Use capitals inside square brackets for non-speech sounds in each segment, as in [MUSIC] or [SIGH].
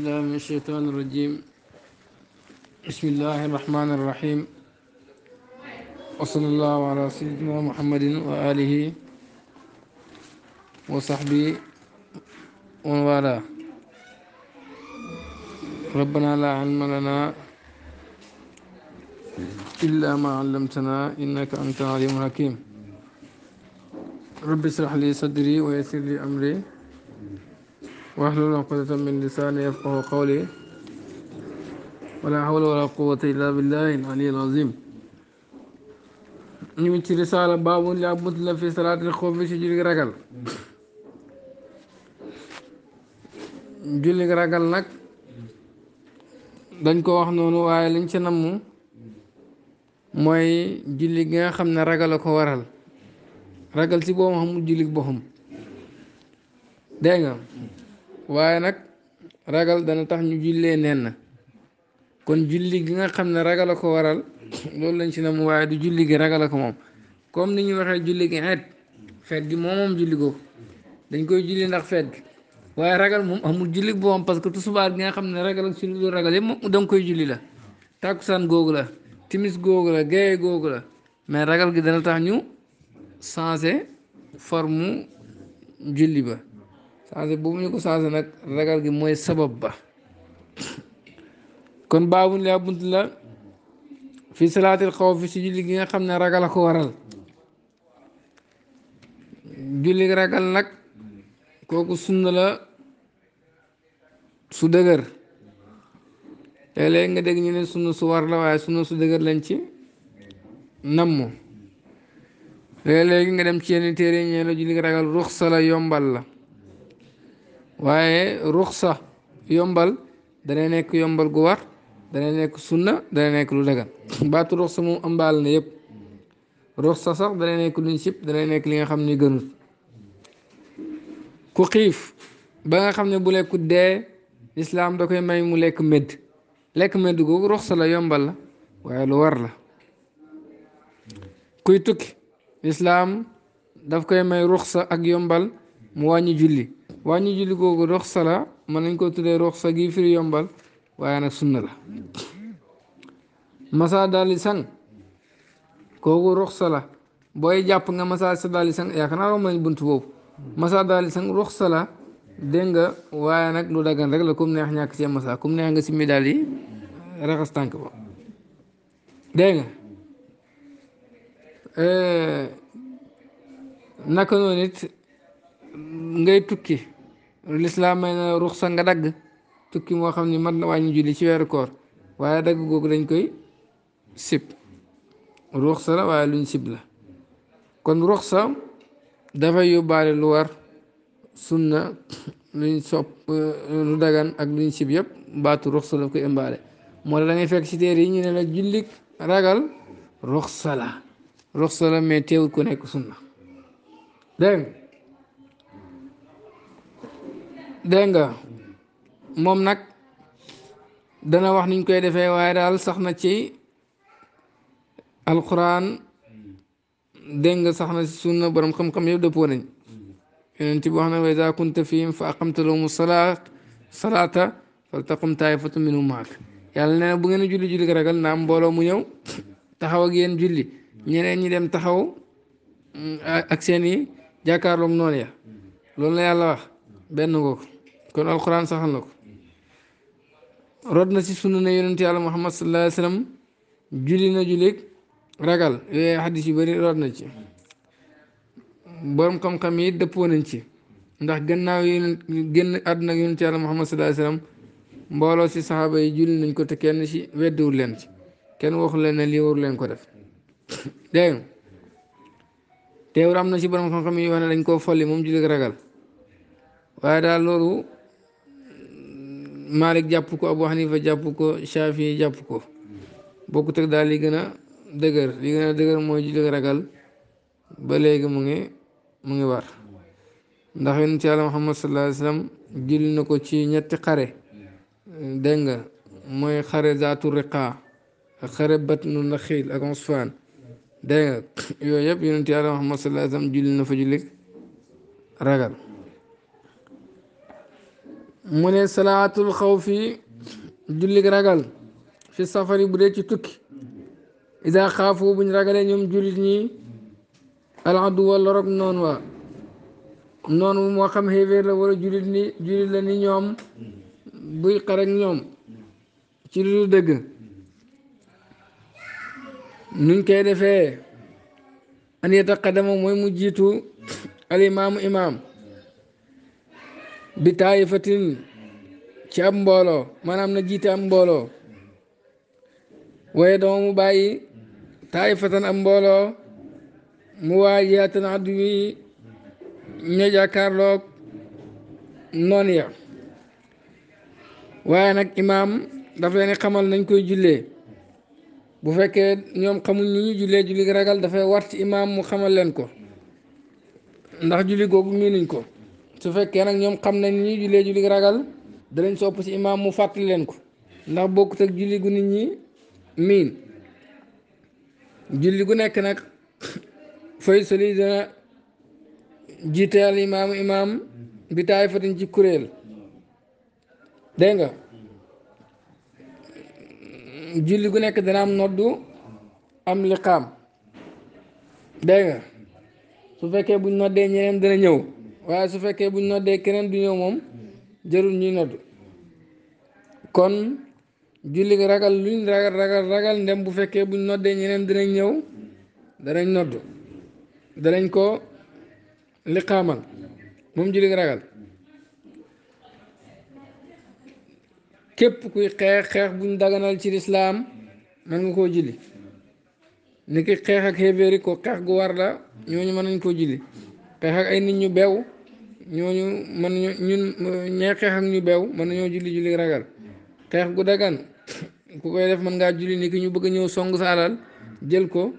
بالله من الشيطان الرجيم بسم الله الرحمن الرحيم وصلى الله على سيدنا محمد وآله وصحبه ومن والاه ربنا لا علم لنا إلا ما علمتنا إنك أنت عليم الحكيم رب اشرح لي صدري ويسر لي أمري واحلل عقدة من لساني يفقه قولي ولا حول ولا قوة إلا بالله العلي العظيم نمت رسالة باب لا بطل في صلاة الخوف في شجر الرجل جل الرجل لك دنك واحد نونو وعائلين آية شنمو موي جل الجنة خم نرجل كوارل رجل سبوم هم جل بهم دعنا waaye nag ragal dana tax ñu jullee nen na kon julli gi nga xam ne ragal a ko waral loolu lañ ci ne mu waaye du julli gi ragal a ko moom comme ni ñu waxee julli gi xeet feet gi moom julli googu dañ koy julli ndax feet gi waaye ragal moom amul julli boom parce que tusubaar gi nga xam ne ragal ak si lu ragal yëpp moom koy julli la tàkkusaan googu la timis googu la gaye googu la mais ragal gi dana tax ñu changé forme julli ba changé boobu ñu ko changé nag ragal gi mooy sabab ba kon baabun laa bunt la fi salaatil xaw fi si julli gi nga xam ne ragal a ko waral julli ragal nag kooku sunna la su dëgër léeg-léeg nga dégg ñu ne sunna su war la waaye sunna su dëgër lañ ci namm léeg nga dem ci yenn téere ñee la julli ragal ruxsa yombal la waaye ruxsa yombal danay nekk yombal gu war dana nekk sunna dana nekk lu dagan [COUGHS] baatu ruxsa moom ambaal na yëpp ruxsa sax dana nekk luñ sib dana nekk li nga xam ni gënul ku xiif ba nga xam ne bu lekku dee lislaam da koy may mu lekk medd lekk medd googu ruxsa la yombal la waaye lu war la kuy tukki lislaam daf koy may ruxsa ak yombal mu wàññi julli wàññi julli googu roxsa la mën nañ ko tuddee roxsa gi firi yombal waaye nag sunna la masa dali san kooku roxsa la boy japp nga masa sa daali sang yaakaar naa romb nañ bunt boobu masa daali sang roxsa la dégg nga waaye nag lu rek la kum neex ñàkk cee masa kum neex nga simi raxas tànk ba dégg nga eh, naka noonu ngay tukki lislaam may na ruxsa nga dagg tukki moo xam ni mat na wàññi julli ci weeru koor waaye dagg kooku dañ koy sib ruxsa la waaye luñ sib la kon ruxsa dafay yóbbaale lu war na [COUGHS] luñ sopp eh, lu dagan ak luñ sib yëpp baatu ruxsa la koy ëmbaale moo la da ngay fekk ci téer yi ñu ne la jullik ragal ruxsa la ruxsa la mais teewul ku nekk sunna na dégg nga moom nag dana wax niñ koy defee waaye daal sax na ci alquran dégg nga sax na ci sunna borom xam-xam yëpp dëppoo nañ yonent bi wax na wa iza kunta fihim fa aqamta lahum salaat salaata faltaqum taa'ifatun minhum ma'ak yàlla bu ngeen julli julli ragal naa mbooloo mu ñëw taxaw ak yéen julli ñeneen ñi dem taxaw mm, ak seen i jàkkaarloog ya loolu la yàlla wax benn googu kon alquran saxal na ko rod na si sunna ne yonent yàlla muhammad sallallahu alayhi wa julli na jullig ragal yooyu xadis yu bëri rod na ci borom xam-xam yi dëppoo nañ ci ndax gannaaw yi génn àdduna yonent yàlla muhammad sallallahu alayhi wa mbooloo si saxaaba yi julli nañ ko te kenn ci weddiwul leen ci kenn waxu leen ne lii waru leen ko def [COUGHS] dégg nga am na ci borom xam-xam yi wax ne dañ koo folli moom jullig ragal waaye daal loolu Malik jàpp ko Abu Hanifa jàpp ko Shafi jàpp ko bokkut ak daal li gën a dëgër li gën dëgër mooy ju ragal ba léegi mu ngi mu ngi war ndax yonent Yàlla Muhammad sallallahu alayhi wa sallam julli na ko ci ñetti xare dégg nga mooy xare zaatu riqaa ak xare batnu naxiil ak Usfaan dégg nga yooyu yëpp yonent Yàlla Muhammad sallallahu alayhi wa sallam julli na fa jullik ragal من صلاة الخوف جولي رجل في السفر بريت تك إذا خافوا من رجل يوم جولني العدو ولا رب نونوا نون وخم هيفير ولا جولني جولني يوم بي قرن يوم تشيلو دغ نون كاي ان يتقدم موي الامام امام bi taayifatin ci ab mbooloo maanaam na jiite am mbooloo waaye dama mu bàyyi taayifatan am mbooloo mu waay yaatan addu wi ña jàkkaarloog noon ya waaye nag imaam daf leen xamal nañ koy jullee bu fekkee ñoom xamuñ ni ñu jullee julli ragal dafay war imaam mu xamal leen ko ndax julli googu nañ ko su fekkee nag ñoom xam nañ ñi jullee julli ragal danañ sopp ci imaam mu fàttali leen ko ndax bokkut ak julli gu nit ñi miin julli gu nekk nag [COUGHS] fay soli dana jiiteel imaam imaam bi taay fatiñ ci kuréel dégg nga julli gu nekk dana am noddu am liqaam dégg nga su fekkee buñ noddee ñeneen dana ñëw waaye su fekkee buñ noddee keneen du ñëw moom jarul ñuy nodd kon julli ragal luñ ragal ragal ragal ndem bu fekkee buñ noddee ñeneen dinañ ñëw danañ nodd danañ ko liqaamal moom julli ragal képp kuy xeex xeex buñ daganal ci lislaam mën nga koo julli ni ki xeex ak xeebéeri ko xeex gu war la ñooñu mën nañ koo julli xeex ak ay nit ñu beew ñooñu man ñun ñee xeex ak ñu beew mën nañoo julli julli ragal xeex gu dagan ku koy def mën ngaa julli ni ki ñu bëgg ñëw song sa alal jël ko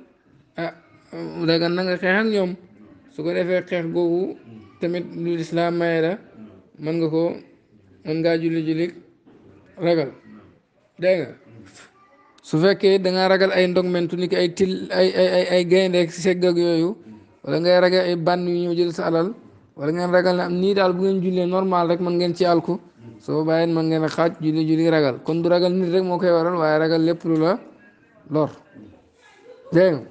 ah dagan na nga xeex ak ñoom su ko defee xeex googu tamit lu lislaam maye la mën nga ko mën ngaa julli julli ragal dégg nga su fekkee dangaa ragal ay ndogmentu ni ki ay til ay ay ay gaynde ak segg ak yooyu wala ngay ragal ay bànn yu ñëw jël sa wala ngeen ragal ne am nii daal bu ngeen jullee normal rek man ngeen ci alku soo bàyyeen man ngeen xaaj julli julli ragal kon du ragal nit rek moo koy waral waaye ragal lépp lu la lor dégg nga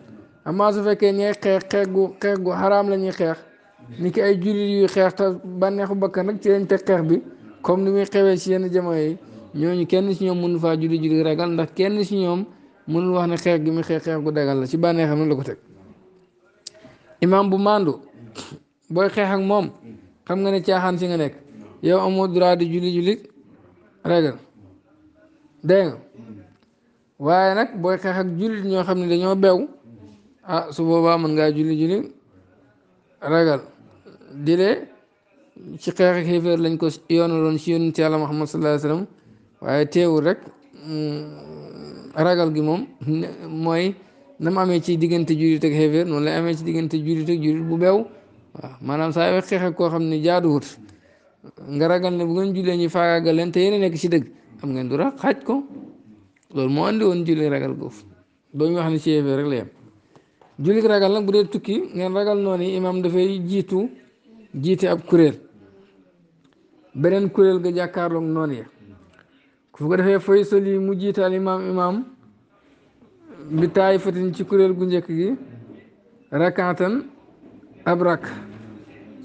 amaa su fekkee ñay xeex xeex gu xeex gu xaraam la ñuy xeex ni ki ay jullit yuy xeex te bànneexu bakkan nag ci lañ teg xeex bi comme ni muy xewee ci yenn jamono yi ñooñu kenn si ñoom mënu faa julli julli ragal ndax kenn ci ñoom mënul wax ne xeex gi mu xeex xeex gu dagal la ci bànneexam la ko teg imam booy xeex ak moom xam nga ne caaxaan si nga nekk yow amoo droit di julli ragal dégg nga waaye nag booy xeex ak jullit ñoo xam ne dañoo bew ah su boobaa mën ngaa julli julli ragal di lee ci xeex ak lañ ko yoonaloon si yonent yàlla Muhammad sallallahu alayhi wa sallam waaye teewul rek mm, ragal gi moom mooy na mu amee ci diggante jullit ak xéeféer noonu lay amee ci diggante jullit ak jullit bu bew waaw maanaam saa yoo xeex ak koo xam ni jaaduwut nga ragal ne bu ngeen jullee ñu faagaagal leen te yéen nekk ci dëgg am ngeen du rax xaaj ko loolu moo andi woon julli ragal goofu ba ñu wax ne ci yéefee rek la yem julli ragal nag bu dee tukki ngeen ragal noon noonu imaam dafay jiitu jiite ab kuréel beneen kuréel ga jàkkaarloog noonu ya ku ko defee fay soli mu jiital imaam imaam bi taay fatin ci kuréel gu njëkk gi rakatan abrak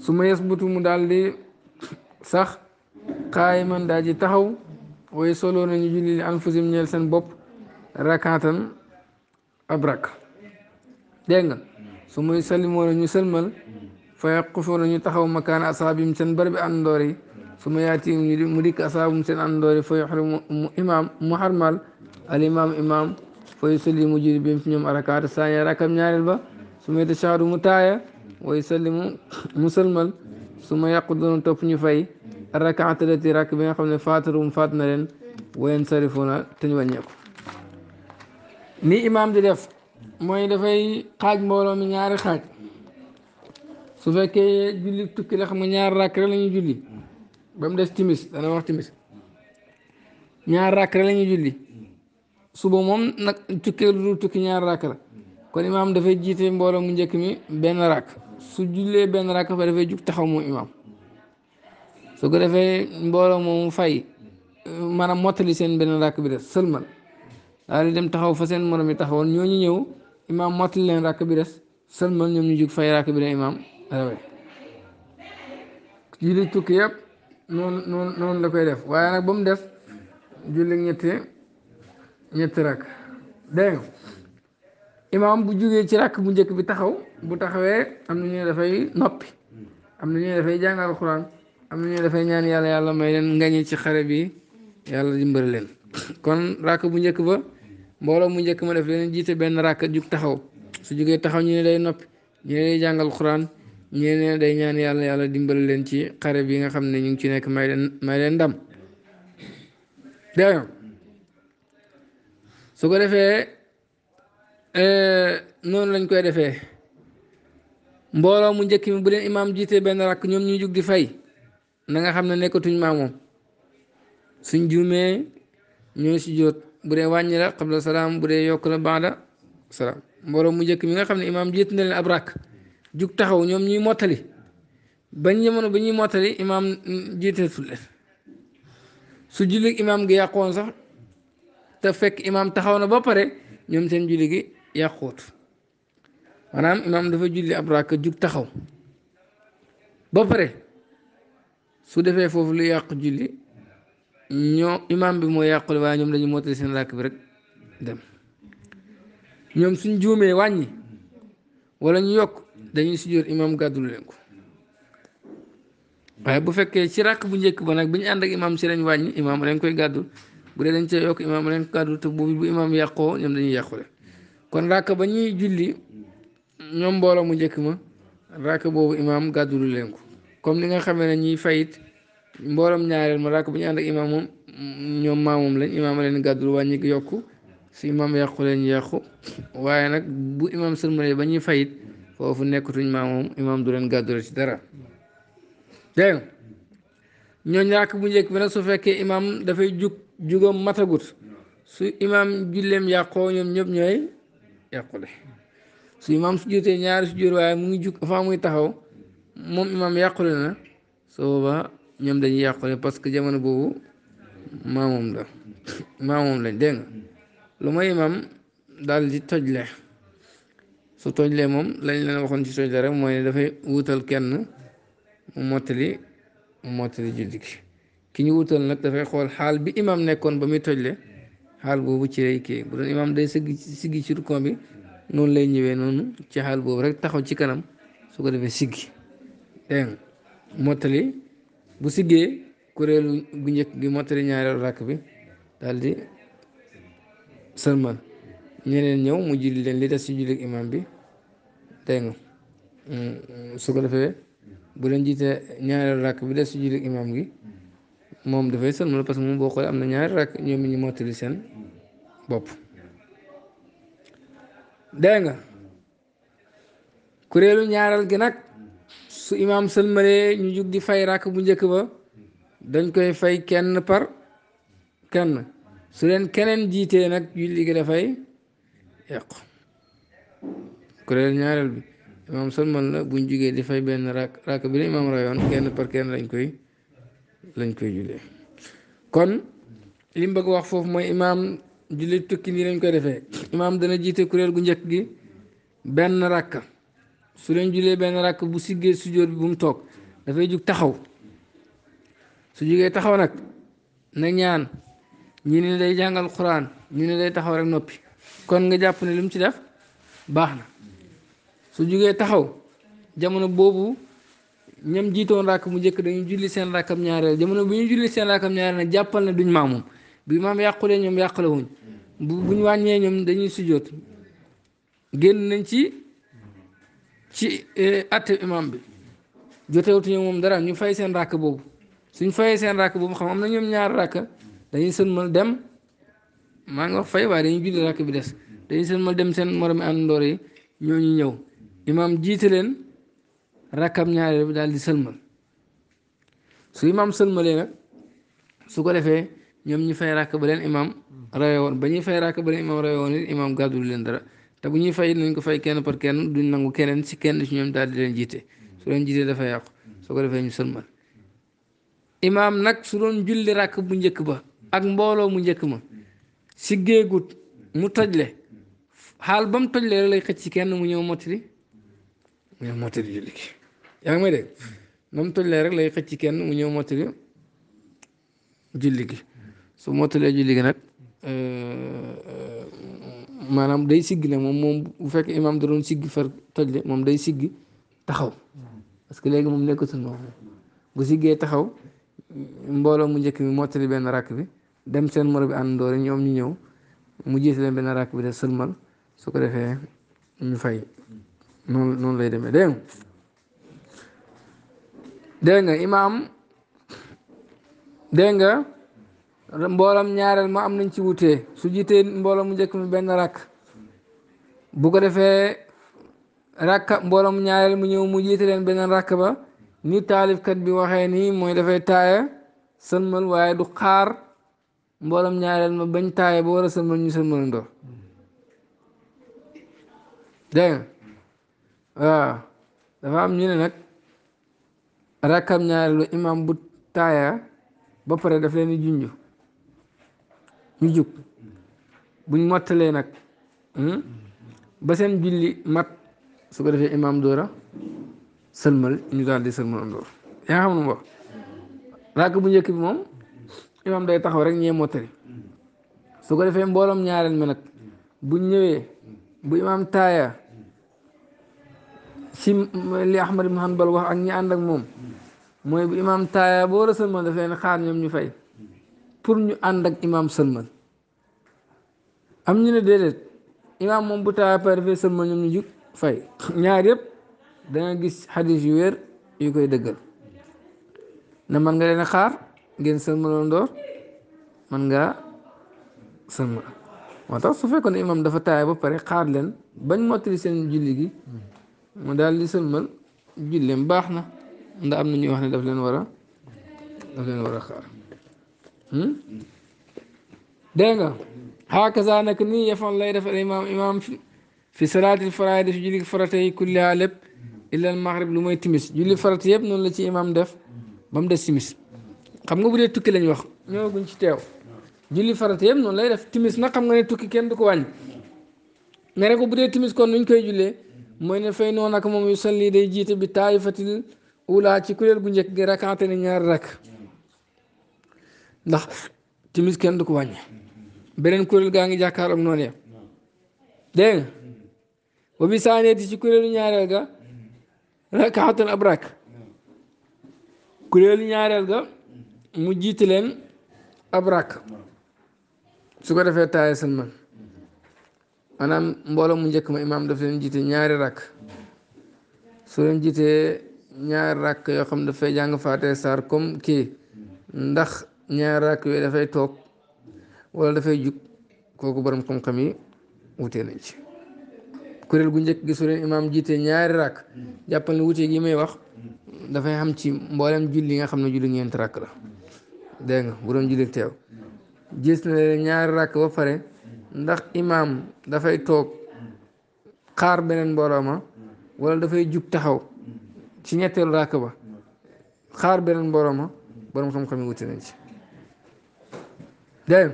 su ma yasbutu mu daal di sax xaayiman daa ji taxaw waaye solo nañu julli li anfusim ñeel seen bopp rakaatan abrak dégg nga su muy sallimoo nañu sëlmal fa yaqufu nañu taxaw makaan asaabim seen barabi àndoor yi su ma yaati mu dikk asaabum seen àndoor yi fa yuxrimu imaam mu xarmal al imaam imaam fa yusalli mu julli bi mu fi ñoom arakaata saaniya rakam ñaareel ba su may tashaadu mu taaya way sallimu musalmal su ma yàqu doon topp ñu fay rakaatati rakk bi nga xam ne faatarum faat na leen wayen sarifuna te ñu wàññeeku ni imaam di def mooy dafay xaaj mbooloo mi ñaari xaaj su fekkee julli tukki la xam nga ñaar rakk rek la julli ba mu des timis dana wax timis ñaar rakk la ñuy julli suba moom nag tukkee tukki ñaar rakk la kon imaam dafay jiite mbooloo mu njëkk mi benn rakk su jullee benn rakka fa taxaw moom imaam ko defee mbooloo moomu fay maanaam mottali seen benn rakk bi des sëlmal daal dem taxaw fa seen morom yi taxawoon ñooñu ñëw imaam mottali leen rakk bi des sëlmal ñoom ñu jug fay rakk bi des imaam rawee julli tukki yëpp noonu noonu la koy def waaye nag ba mu def julli ñetti ñetti rakk dégg nga imaam bu jugee ci rakk bu njëkk bi taxaw bu taxawee am na ñu dafay noppi am na ñu dafay jàngal alxuraan am na ñu dafay ñaan yàlla yàlla may leen ngañe ci xare bi yàlla dimbali leen [LAUGHS] kon rakk bu njëkk ba mbooloo mu njëkk ma def leen jiite benn rakk jug taxaw su jugee taxaw ñu ne day noppi ñu ne day jàngal xuraan ñu ne day ñaan yàlla yàlla dimbali leen ci xare bi nga xam ne ñu ngi ci nekk may leen may leen ndam ko defee Euh, noonu lañ koy defee mbooloo mu njëkk mi bu leen imaam jiite benn rakk ñoom ñuy jug di fay na nga xam ne nekkatuñ maamoom suñ juumee ñooy si jóot bu dee wàññi la qabla salaam bu dee yokk la baada salaam mu njëkk mi nga xam ne imaam jiit na leen ab rakk jug taxaw ñoom ñuy mottali bañ jamono ba ñuy mottali imaam jiiteetu leen su julli imaam gi yàqoon sax te fekk imaam taxaw na ba pare ñoom seen julli yàquut maanaam imaam dafa julli ab ràkk jug taxaw ba pare su defee foofu lu yàq julli ñoo imaam bi moo yàqule waaye ñoom dañu mottali seen ràkk bi rek dem ñoom suñ juumee wàññi wala ñu yokk dañuy sujjóot imaam gàddul leen ko waaye bu fekkee ci ràkk bu njëkk ba nag bi ñu ànd ak imaam si lañ wàññi imaam lañ koy gàddul bu dee dañ cee yokk imaam lañ ko gàddul te boobu bu imaam yàqoo ñoom dañuy yàqule kon ràkk ba ñuy julli ñoom mbooloo mu njëkk ma ràkk boobu imaam gàddulu leen ko comme ni nga xame ne ñuy fayit mbooloom ñaareel ma rakk ba ñu ànd ak imaam moom ñoom maamoom lañ imaam leen gàddul wàññi yokk su imaam yàqu leen yàqu waaye nag bu imaam sërmale ba ñuy fayit du leen gàddule ci dara dégg bu njëkk bi nag su fekkee imaam dafay jug jugam matagut su imaam julleem yàqoo ñoom ñooy yàqule su imaam su jotee ñaari su jot waaye mu ngi jug fa muy taxaw moom imaam yàqule na su ñoom dañuy yàqule parce que jamono boobu maamom la maamom lañ dégg nga lu may imaam daal di tojle su le moom lañ leen waxoon ci tojle rek mooy dafay wuutal kenn mu mottali mu mottali julli gi ki ñu wuutal nag dafay xool xaal bi imaam nekkoon ba muy tojle xaal boobu ci lay kii bu doon imaam day sëgg siggi ci rukon bi noonu lay ñëwee noonu ci xaal boobu rek taxaw ci kanam su ko defee siggi dégg mottali bu siggee kuréelu gu njëkk gi mottali ñaareelu rakk bi daldi di sërmal ñeneen ñëw mu julli leen li des ci julli imaam bi dégg mm, su ko defee bu leen jiite ñaareelu rakk bi des ci julli imaam gi moom dafay sëlmal parce que moom boo xoolee am na ñaari rakk ñoom ñu mottali seen bopp dégg nga kuréelu ñaareel gi nag su imaam sëlmalee ñu jug di fay rakk bu njëkk ba dañ koy fay kenn par kenn su leen keneen jiitee nag julli gi dafay yàqu kuréelu ñaareel bi imaam sëlmal la buñ jugee di fay benn rakk rakk bi la imaam rayoon kenn par kenn lañ koy lañ koy jullee kon li mu bëgg wax foofu mooy imaam julli tukki nii lañ koy defee imaam dana jiite kuréel gu njëkk gi benn rakk su leen jullee benn rakk bu siggee sujjóot bi bu mu toog dafay jug taxaw su jugee taxaw nag na ñaan ñu ni day jàngal xuraan ñu ne day taxaw rek noppi kon nga jàpp ne li mu ci def baax na su jugee taxaw jamono boobu ñoom jiitoon rakk mu njëkk dañuy julli seen rakkam ñaareel jamono bu ñu julli seen rakkam ñaareel na jàppal na duñ maamum bi maam yàqulee ñoom yàqule wuñ bu buñ wàññee ñoom dañuy sujjoot génn nañ ci ci eh, at imam bi jotewutuñu moom dara ñu fay seen rakk boobu suñ fayee seen rakk boobu xam am na ñoom ñaar rakk dañuy sëlmal dem maa ngi wax fay waaye dañuy julli rakk bi des dañuy sëlmal dem seen moromi àndoor yi ñoo ñu ñëw imam jiite leen rakkam ñaareel bi daal di sëlmal su imaam sëlmalee nag su ko defee ñoom ñu fay rakk ba leen imaam rawee woon ba ñuy fay rakk ba leen imaam rawee woon it imaam gàddul leen dara te bu ñuy fay nañ ko fay kenn par kenn du nangu keneen si kenn si ñoom daal di leen jiite su leen jiitee dafa yàqu su ko defee ñu sëlmal imaam nag su doon julli ràkk bu njëkk ba ak mbooloo mu njëkk ma si géegut mu le xaal ba mu tojlee rek lay xëcc si kenn mu ñëw mottali ñëw mottali julli gi yaa ngi may dégg na mu rek lay xëcc kenn mu ñëw mottali julli gi su mottalee julli gi nag euh, euh, maanaam day siggi nag moom moom bu fekk imaam da doon siggi far toj de moom day siggi taxaw parce que léegi moom nekkatul moom bu siggee taxaw mbooloo mu njëkk bi mottali benn rakk bi dem seen moro bi àndoori ñoom ñu ñëw mu jiite leen benn rakk bi de sëlmal su ko defee ñu fay noonu lay demee dégg nga imaam dégg nga mboolam ñaareel ma am nañ ci wutee su jiitee mboolam mu njëkk mi benn rakk bu ko defee rakka mboolam ñaareel mu ñëw mu jiite leen benn rakk ba ni taalifkat bi waxee nii mooy dafay taaya sëlmal waaye du xaar mboolam ñaareel ma bañ taaya ba war a sëlmal ñu sëlmal ndoor dégg nga waaw dafa am ñu ne nag am ñaareelu imam bu taaya ba pare daf leen di junj ñu jug buñ mottalee nag hmm, ba seen julli mat su ko defee imam dóora sëlmal ñu daal di sëlmal am dóor yaa xam nu wax rakk bu njëkk bi moom imam day taxaw rek ñee mottali su ko defee mbooloom ñaareel mi nag buñ ñëwee bu imam taaya si li Ahmad ibn Hanbal wax ak ñi ànd ak moom mooy bu imaam taaya boo war a sëlmal daf leen xaar ñoom ñu fay pour ñu ànd ak imaam sëlmal am ñu ne déedéet imaam moom bu taaya pare dafay sëlmal ñu jug fay ñaar yëpp danga gis xadis yu yu koy dëggal na man nga leen xaar ngeen sëlmaloon door man nga sëlmal moo tax su fekkoon ne imaam dafa taaya ba pare xaar leen bañ mottali seen julli gi مدال لي سلمل جيلين باخنا دا امنا ني واخني داف لين ورا داف لين ورا خار هم دنگا هكذا انك ني يفن لا يدف الامام امام في, في صلاه الفرائض في جيلي فرتي كلها لب الا المغرب لو موي تيمس جيلي فرت ييب نون لا سي امام داف بام داف سيمس خم غو بودي توكي لا ني نيو غون سي تيو جيلي فرت ييب نون لا يدف تيمس نا خم غني توكي كين دوكو واني نريكو بودي تيمس كون نون كاي جولي mooy na fay noonu ak moom yu salli day jiite bi taayifatil ula ci kuréel gu njëkk gi rakante ne ñaari rakk ndax timis kenn du ko wàññi beneen kuréel gaa ngi jàkkaarloog noonu ya dégg nga ba bi saaneeti ci kuréelu ñaareel ga rakaatan ab rak kuréelu ñaareel ga mu jiite leen ab rak su ko defee taayee seen man maanaam mbooloo mu njëkk ma imaam daf jiite ñaari rakk su leen jiitee ñaari rakk yoo xam dafay jàng faatee saar comme kii ndax ñaari rakk yooyu dafay toog wala dafay jug kooku borom xam-xam yi wutee nañ ci kuréel gu njëkk gi su leen imaam jiitee ñaari rakk jàppal ne wutee gi may wax dafay xam ci mboolem julli nga xam ne julli ñeenti rakk la dégg nga bu doon julli teew gis na ñaari rakk ba pare. ndax imaam dafay toog xaar beneen mbooloo ma wala dafay jug taxaw ci ñetteelu ràkk ba xaar beneen mbooloo ma borom xam-xam yi wuti nañ ci dégg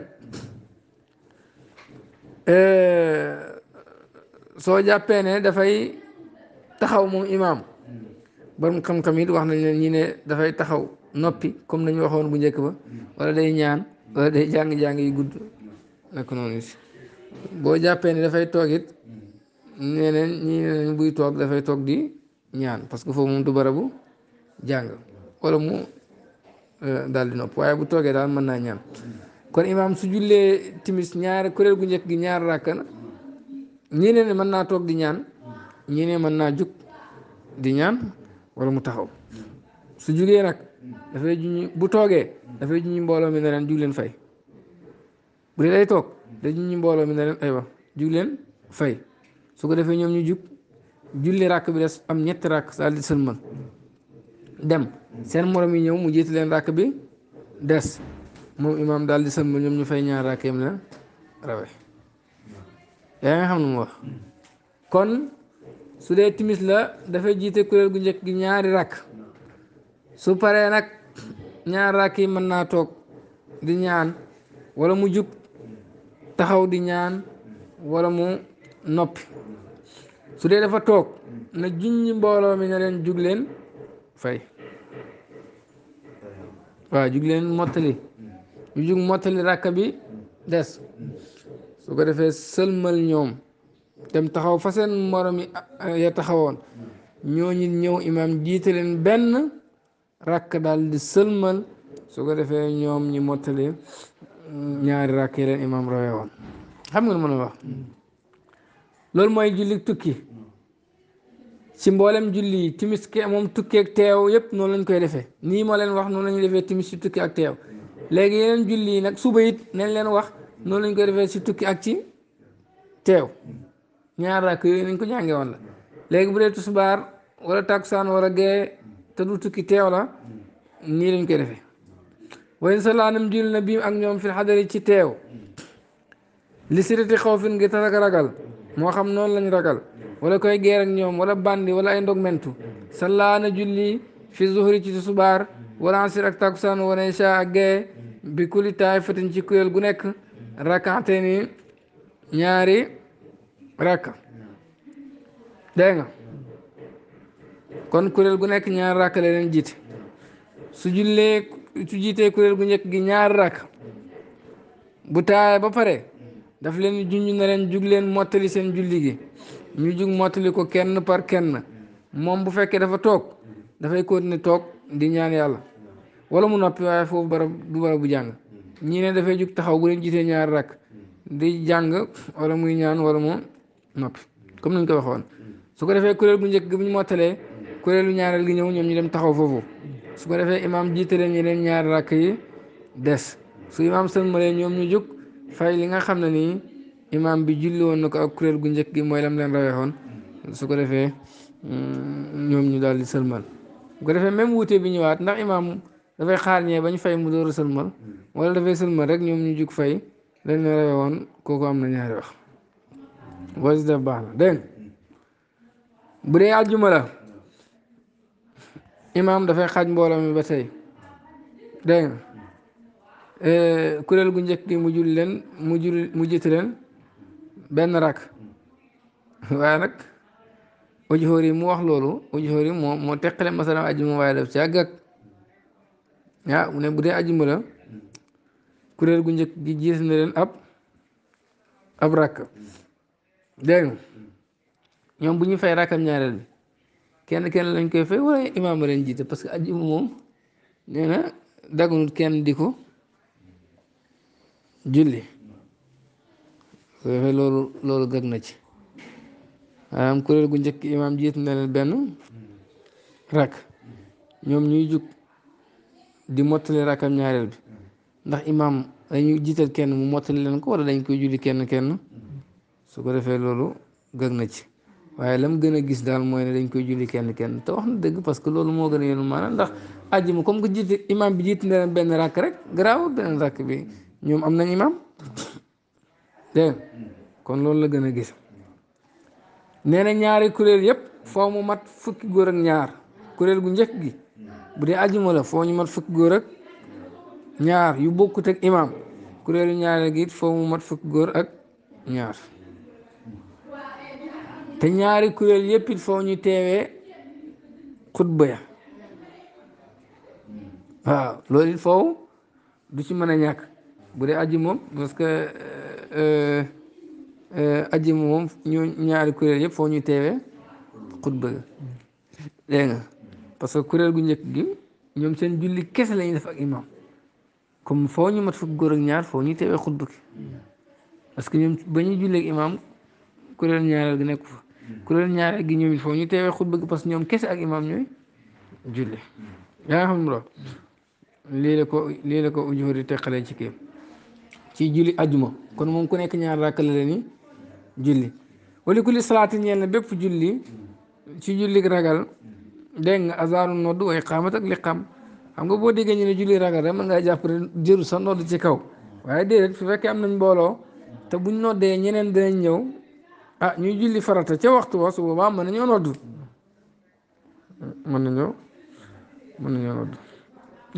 eh, soo jàppee ne dafay taxaw moom imaam borom xam-xam it wax nañ ne ñi ne dafay taxaw noppi comme nañu waxoon bu njëkk ba wala day ñaan wala day jàng-jàng gudd naka noonu si boo jàppee ni dafay toog it ñeneen ñi ne buy toog dafay toog di ñaan parce que foofu moom du barabu jàng wala mu euh, dal di nopp waaye bu toogee daal mën naa ñaan kon imaam su jullee timis ñaari kuréel gu njëkk gi ñaar ràkk na ñi ne mën naa toog di ñaan ñi mën naa jug di ñaan wala mu taxaw su jugee nag dafay juñu bu toogee dafay juñu mbooloo mi ne jug leen fay bu dee day toog. dañu ñu mbooloo mi ne leen aywa jug leen fay su ko defee ñoom ñu jug julli ràkk bi des am ñetti ràkk daal di sëlmal dem seen moroom yi ñëw mu jiitu leen ràkk bi des moom imaam daal di ñoom ñu fay ñaar ràkk yam leen rawe yaa ngi xam ne mu wax kon su dee timis la dafay jiite kuréel gu njëkk gi ñaari ràkk su paree nag ñaari ràkk yi mën naa toog di ñaan wala mu jug taxaw di ñaan wala mu noppi su dee dafa toog na juñ mbooloo mi ne leen jug leen fay waa jug leen mottali ñu jug mottali ràkk bi des su ko defee sëlmal ñoom dem taxaw fa seen morom eh, ya taxawoon ñoo ñi ñëw imaam jiite leen benn ràkk daal di sëlmal su ko defee ñoom ñi mottali ñaari rakk yi leen imam rawee woon xam nga mën a wax loolu mooy julli tukki si mboolem julli yi timis ke moom tukki ak teew yëpp noonu lañ koy defee nii ma leen wax noonu lañuy defee timis ci tukki ak teew léegi yeneen julli yi nag suba it nañ leen wax noonu lañ koy defee ci tukki ak ci teew ñaari rakk yooyu nañ ko jàngee woon la léegi bu dee tisbaar wala war a gee te du tukki teew la nii lañ koy defee way salaanam jul na biim ak ñoom fil xadari ci teew li siriti xawfin ngi tasak ragal moo xam noonu lañ ragal wala koy geer ak ñoom wala bandi wala ay ndogmentu salaana julli fi zuhri ci subaar wala ansir ak takusaan wala isha ak gee bi kuli taay fatin ci kuréel gu nekk rakante ni ñaari rakka dégg nga kon kuréel gu nekk ñaari rakka la leen jiite su jullee su jiitee kuréel gu njëkk gi ñaari rakk bu taaya ba pare daf leen junj na leen jug leen mottali seen julli gi ñu jug mottali ko kenn par kenn moom bu fekkee dafa toog dafay continuer toog di ñaan yàlla wala mu noppi waaye foofu barab du barab bu jàng ñii ne dafay jug taxaw bu leen jiitee ñaari rakk di jàng wala muy ñaan wala mu noppi comme nañ ko waxoon su ko defee kuréel gu njëkk gi bu mottalee kuréelu ñaareel gi ñëw ñoom ñu dem taxaw foofu su ko defee imaam jiite leen ñaari rakk yi des su imaam sëlmalee ñoom ñu jóg fay li nga xam ne nii imaam bi julli woon na ko ak kuréel gu njëkk gi mooy lam leen rawee woon su ko defee mm, ñoom ñu daal di sëlmal bu ko defee même wuute bi ñëwaat ndax imaam dafay xaar ñee bañ fay mu door a sëlmal wala dafay sëlmal rek ñoom ñu jug fay lañ leen rawee woon kooku am na ñaari wax boo si def baax na dégg bu dee àjjuma la imaam dafay xaaj mbooloo mi ba tey dégg nga eh, gu njëkk gi mu jul leen mu jul mu leen benn rakk waaye nag ujuhóor mu wax loolu ujuhóor moo moo teqale masalam ajjuma waaye daf ci àgg ak mu ne bu dee ajjuma la kuréel gu njëkk gi jiite na leen ab ab rakk dégg ñoom bu ñu fay rakkam ñaareel bi kenn kenn lañ koy fay wala imaam ma leen jiite parce que ajjuma moom nee na dagunut kenn di ko julli loolu loolu na ci maanaam kuréel gu njëkk imaam jiit na benn rakk ñoom ñuy jug di mottali rakkam ñaareel bi ndax imaam dañuy jiital kenn mu mottali leen ko dañ koy julli kenn kenn su ko defee loolu gag na ci waaye lam gën a gis daal mooy ne dañ koy julli kenn kenn te wax na dëgg parce que loolu moo gën a yenu maanaam ndax àjjuma comme que jiite imaam bi jiite na benn rakk rek garaawul benn rakk bi ñoom am nañ imaam dégg kon loolu la gën a gis nee na ñaari kuréel yëpp foo mu mat fukki góor ak ñaar kuréel gu njëkk gi bu dee àjjuma la foo ñu mat fukki góor ñaar yu bokkut ak imaam kuréelu ñaareel gi it mu mat fukki góor ak ñaar te ñaari kuréel yépp il faut ñu teewee xutba ya waaw loolu il faut du ci mën a ñàkk bu dee aji moom parce que euh, euh, aji moom ñu ñaari kuréel yépp foo ñu teewee xutba ga dégg nga parce que kuréel gu njëkk gi ñoom seen julli kese lañuy def ak imam comme foo ñu mat fukk góor ñaar foo ñu teewee xutba gi parce que ñoom ba ñuy julli ak imam ñaareel gi nekk fa kuréel ñaareel gi ñoom il faut ñu teewee xutba gi parce que ñoom kese ak imaam ñooy julli yaa xam loolu lii la ko lii la ko ujoor di teqalee ci kéem ci julli ajuma kon moom ku nekk ñaar ràkk la ni julli wala kulli salaati ñeel na bépp julli ci julli ragal dégg nga azaaru nodd way xaamat ak liqaam xam nga boo déggee ñu ne julli ragal rek mën ngaa jàpp ne jëru sa nodd ci kaw waaye déedéet su fekkee am nañ mbooloo te buñ noddee ñeneen dinañ ñëw ah ñuy julli farata ca waxtu wa su boobaa mën nañoo noddu mën nañoo mën nañoo noddu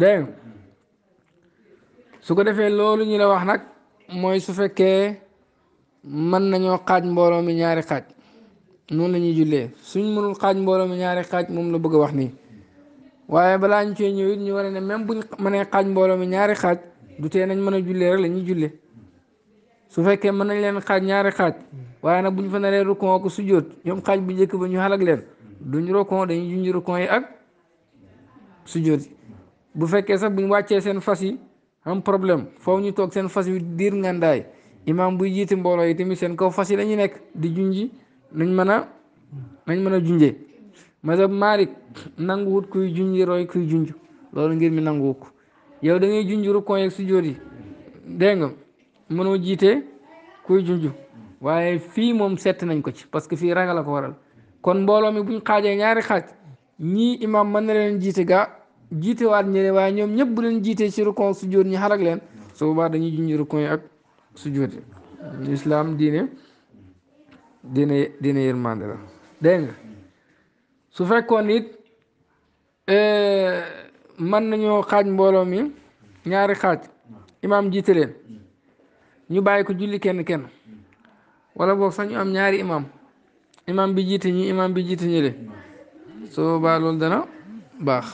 dégg su ko defee loolu ñu la wax nag mooy su fekkee mën nañoo xaaj mbooloo mi ñaari xaaj noonu la jullee suñ mënul xaaj mbooloo mi ñaari xaaj moom la bëgg a wax nii waaye balaa ñu cee ñëw it ñu war ne même buñ mënee xaaj mbooloo mi ñaari xaaj du tee nañ mën a jullee rek la ñuy jullee su fekkee mën nañ leen xaaj ñaari xaaj. waaye nag bu ñu fa naree rukon ko sujjóot ñoom xaaj bu njëkk ba ñu xalak leen duñ rukon dañuy junj rukon yi ak sujjóot yi bu fekkee sax bu ñu wàccee seen fas yi am problème foofu ñu toog seen fas yi diir ngandaay imaam buy jiite mbooloo yi tamit seen kaw fas yi lañuy nekk di junji nañ mën a nañ mën a junjee mazhab Maalik nanguwut kuy junji roy kuy junj loolu ngir mi nanguwut ko yow dangay ngay junj rukon yi ak sujjóot yi dégg nga mënoo jiite kuy junj. waaye fii moom sett nañ ko ci parce que fii ragal a ko waral kon mbooloo mi buñ xaajee ñaari xaaj ñii imaam mën na leen jiite gaa jiite waat ñeneen waaye ñoom ñëpp bu leen jiitee ci rukon sujjóot ñi xalag leen su boobaa dañuy junj rukon yi ak sujjóot yi islaam diine diine diine yërmande la dégg su fekkoon it euh, mën nañoo xaaj mbooloo mi ñaari xaaj imam jiite leen ñu bàyyi ko julli kenn kenn wala boog sax ñu am ñaari imam imam bi jiite ñi imam bi jiite ñële soo boobaa loolu dana baax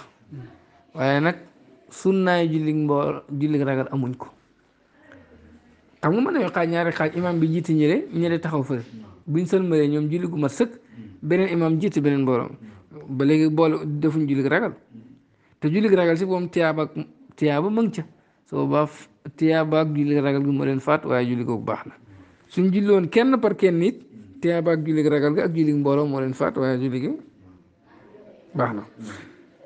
waaye nag sunnaay jullig mboor jullig ragal amuñ ko xam nga ma nañoo xaaj ñaari xaaj imam bi jiit ñële ñële taxaw fële buñ sëlmalee ñoom julli gu mat sëkk beneen imam jiite beneen mbooloo ba léegi bool defuñ jullig ragal te jullig ragal si boom tiyaaba ak tiyaaba mëng ca su boobaa tiyaaba ak jullig ragal gi moo leen faat waaye julli googu baax na suñ julli kenn par kenn nit tiyaaba ak julli ragal ga ak julli mbooloo moo leen faat waaye julli gi baax na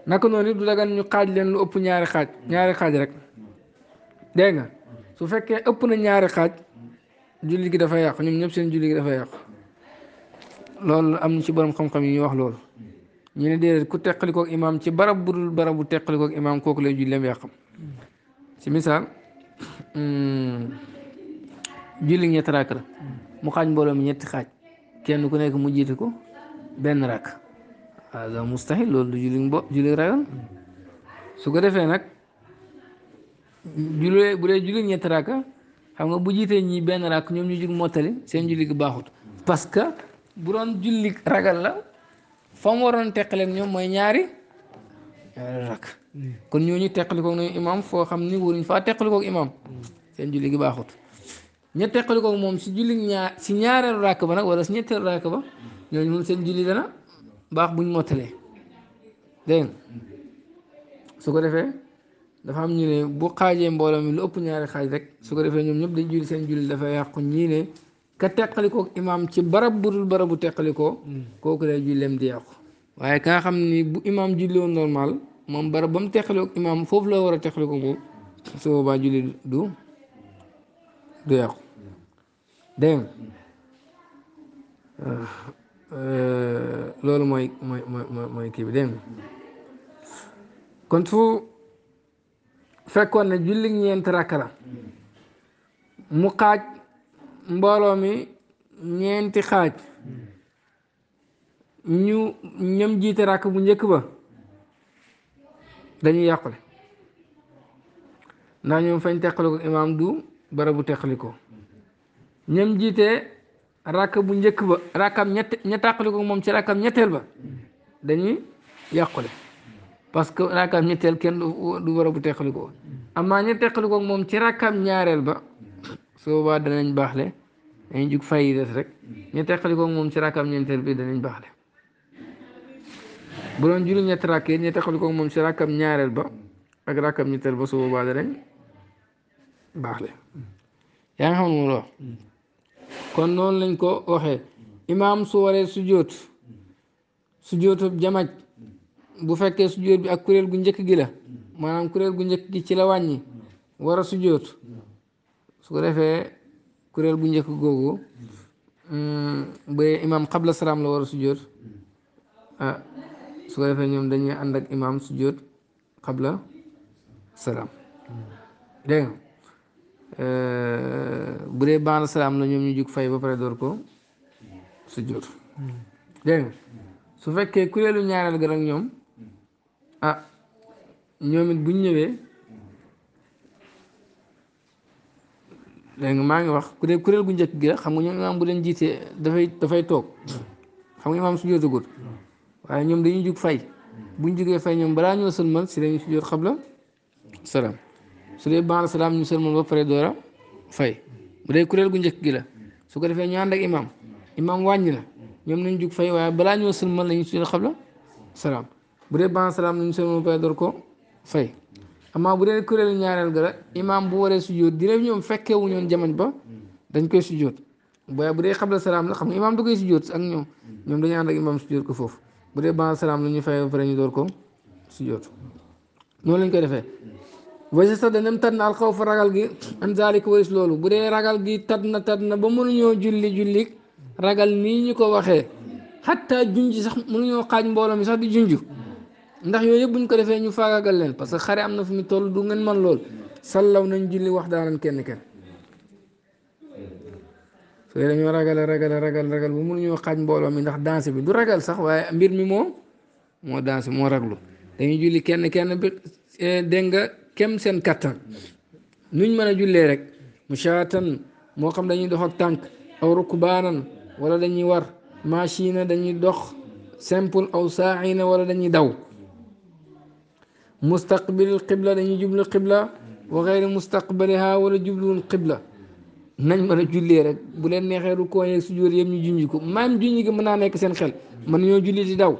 naka noonu it du dagan ñu xaaj leen lu ëpp ñaari xaaj ñaari xaaj rek dégg nga su fekkee ëpp na ñaari xaaj julli gi dafa yàq ñoom ñëpp seen julli gi dafa yàqu loolu am ci borom xam-xam yi ñuy wax loolu ñu ne déedéet ku teqalikoog imaam ci barab bu dul barab bu teqalikoog imaam kooku lay julleem yàqam ci misaal hmm, julli ñetti rakk la mu xaaj mbooloo mi ñetti xaaj kenn ku nekk mu jiite ko benn rakk hada mustahil loolu du julli mbo julli rayoon su ko defee nag jullee bu dee julli ñetti rakk xam nga bu jiitee ñi benn rakk ñoom ñu jug mottali seen julli gi baaxut parce que bu doon julli ragal la fa mu waroon teqaleeg ñoom mooy ñaari rakk hmm. kon ñooñu teqali koog nañu foo xam ni waruñ faa teqali koog hmm. seen julli gi baaxut ña teqali ko moom si julli ñaar si ñaareelu ràkk ba nag wala si ñetteelu ràkk ba ñooñu moom seen julli dana baax bu ñu dégg su ko defee dafa am ñu ne bu xaajee mbooloo mi lu ëpp ñaari xaaj rek su ko defee ñoom ñëpp dañ julli seen julli dafa yàqu ñii ne ka teqalikoo imaam ci barab bu dul barabu teqalikoo hmm. kooku lay julleem di yàqu waaye kaa xam ni bu imaam julli woon moom barab ba mu teqalikoo imaam foofu la war a teqalikoo moom su boobaa julli dégg eh, eh, loolu mooy mooy mooy kii bi dégg kon fu fekkoon ne julli ñeenti rakk la mu xaaj mbooloo mi ñeenti xaaj ñu ñam jiite rakk bu njëkk ba dañuy yàqule ndax ñoom fañ teqaliko imaam du barabu teqaliko ñam jiite rakk bu njëkk ba rakkam ñett ña ko moom ci rakkam ñetteel ba dañuy yàqule parce que rakkam ñetteel kenn du war a bu teqali ko amaa ña teqali moom ci rakkam ñaareel ba soo baa danañ baaxle dañuy jug fay yi des rek ña teqali ko moom ci rakkam ñeenteel bi danañ baaxle bu doon ñetti rakk yi ña teqali ko moom ci rakkam ñaareel ba ak rakkam ñetteel ba soo baa danañ baaxle yaa nga xam ne kon noonu lañ ko waxee imaam su waree sujjóot sujjóotu jamaj bu fekkee sujjóot bi ak kuréel gu njëkk gi la maanaam kuréel gu njëkk gi ci la wàññi war a sujjóot su ko defee kuréel gu njëkk googu mm, ba imaam xabla salaam la war a sujjóot ah, su ko defee ñoom dañuy ànd ak imaam sujjóot xabla salaam dégg nga Euh, bu dee baana salaam la ñoom ñu jug fay ba pare door ko sujjóot dégg su fekkee kuréelu ñaareel ga nag ñoom ah ñoom it buñ ñëwee dégg maa ngi wax ku dee kuréel gu njëkk gi xam nga ñoom imaam bu leen jiitee dafay dafay toog xam nga imaam sujjóotagut waaye ñoom dañuy jug fay buñ jugee fay ñoom balaa ñoo sëlmal si dañuy sujjóot xabla salaam su dee baal salaam ñu sëlmal ba pare door a fay bu dee kuréel gu njëkk gi la su ko defee ñu ànd ak imaam imaam wàññi na ñoom nañ jug fay waaye balaa ñoo sëlmal nañu sujjóot xabla salaam bu dee baal salaam nañu sëlmal ba pare door ko fay amaa bu dee kuréelu ñaareel ga la imaam bu waree sujjóot dina ñoom fekkee wu ñoon jamono ba dañ koy sujjóot waaye bu dee la salaam la xam nga imaam da koy sujjóot ak ñoom ñoom dañu ànd ak imaam sujjóot ko foofu bu dee baal salaam la ñu fay ba pare ñu door ko sujjóot noonu lañ koy defee wasi sa danañ tat na alxawf ragal gi an loolu bu dee ragal gi tat na tat na ba mënuñoo julli julli ragal nii ñu ko waxee xatta junj sax mënuñoo xaaj mbooloo mi sax di junj ndax yooyu yëpp buñ ko defee ñu ragal leen parce que xare am na fu mu toll du ngeen man lool law nañ julli wax daalan kenn kenn so dañoo ragal ragal ragal ragal bu mënuñoo xaaj mbooloo mi ndax danse bi du ragal sax waaye mbir mi moo moo danse moo raglu dañuy كم sen كتر nuñ mëna julé rek mushatan mo xam dañuy dox ak tank aw rukbanan wala dañuy war machine dañuy dox simple aw sa'ina wala dañuy daw مستقبل القبلة لن يجبل القبلة وغير مستقبلها ولا جبل القبلة نجم أنا جولي رك بلن نخير كون يسجور يم يجنيكو ما يجنيك من أنا كسن خل من يجولي داو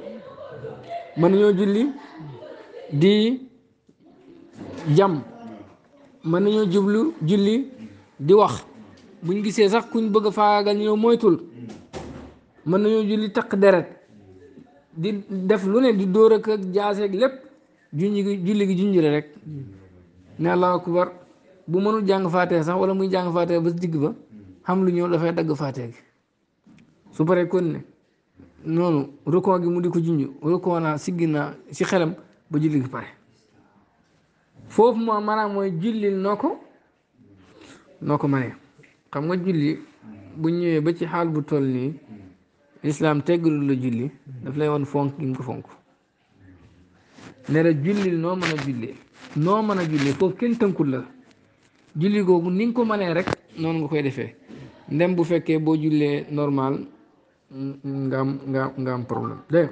من يجولي دي jam mën nañoo jublu julli di wax ñu gisee sax kuñ bëgg a faagaagal ñoo moytul mën nañoo julli takk deret di def lu ne di dóor ak ak lépp junj gi julli gi junj la rek ne allahu akbar bu mënul jàng faatee sax wala muy jàng faatee ba digg ba xam lu ñëw dafay dagg faatee gi su paree kon ne noonu rokon gi mu di ko junj rokon naa siggi naa si xelam ba julli gi pare foofu moo maanaam mooy jullil noo ko noo ko mënee xam nga julli bu ñëwee ba ci xaal bu toll nii lislaam teggalul la julli daf lay woon fonk ko fonk ne la jullil noo mën a jullee noo mën a jullee foofu kenn tënkul la julli googu ni ko mënee rek noonu nga koy defee ndem bu fekkee boo jullee normal nga am problème dégg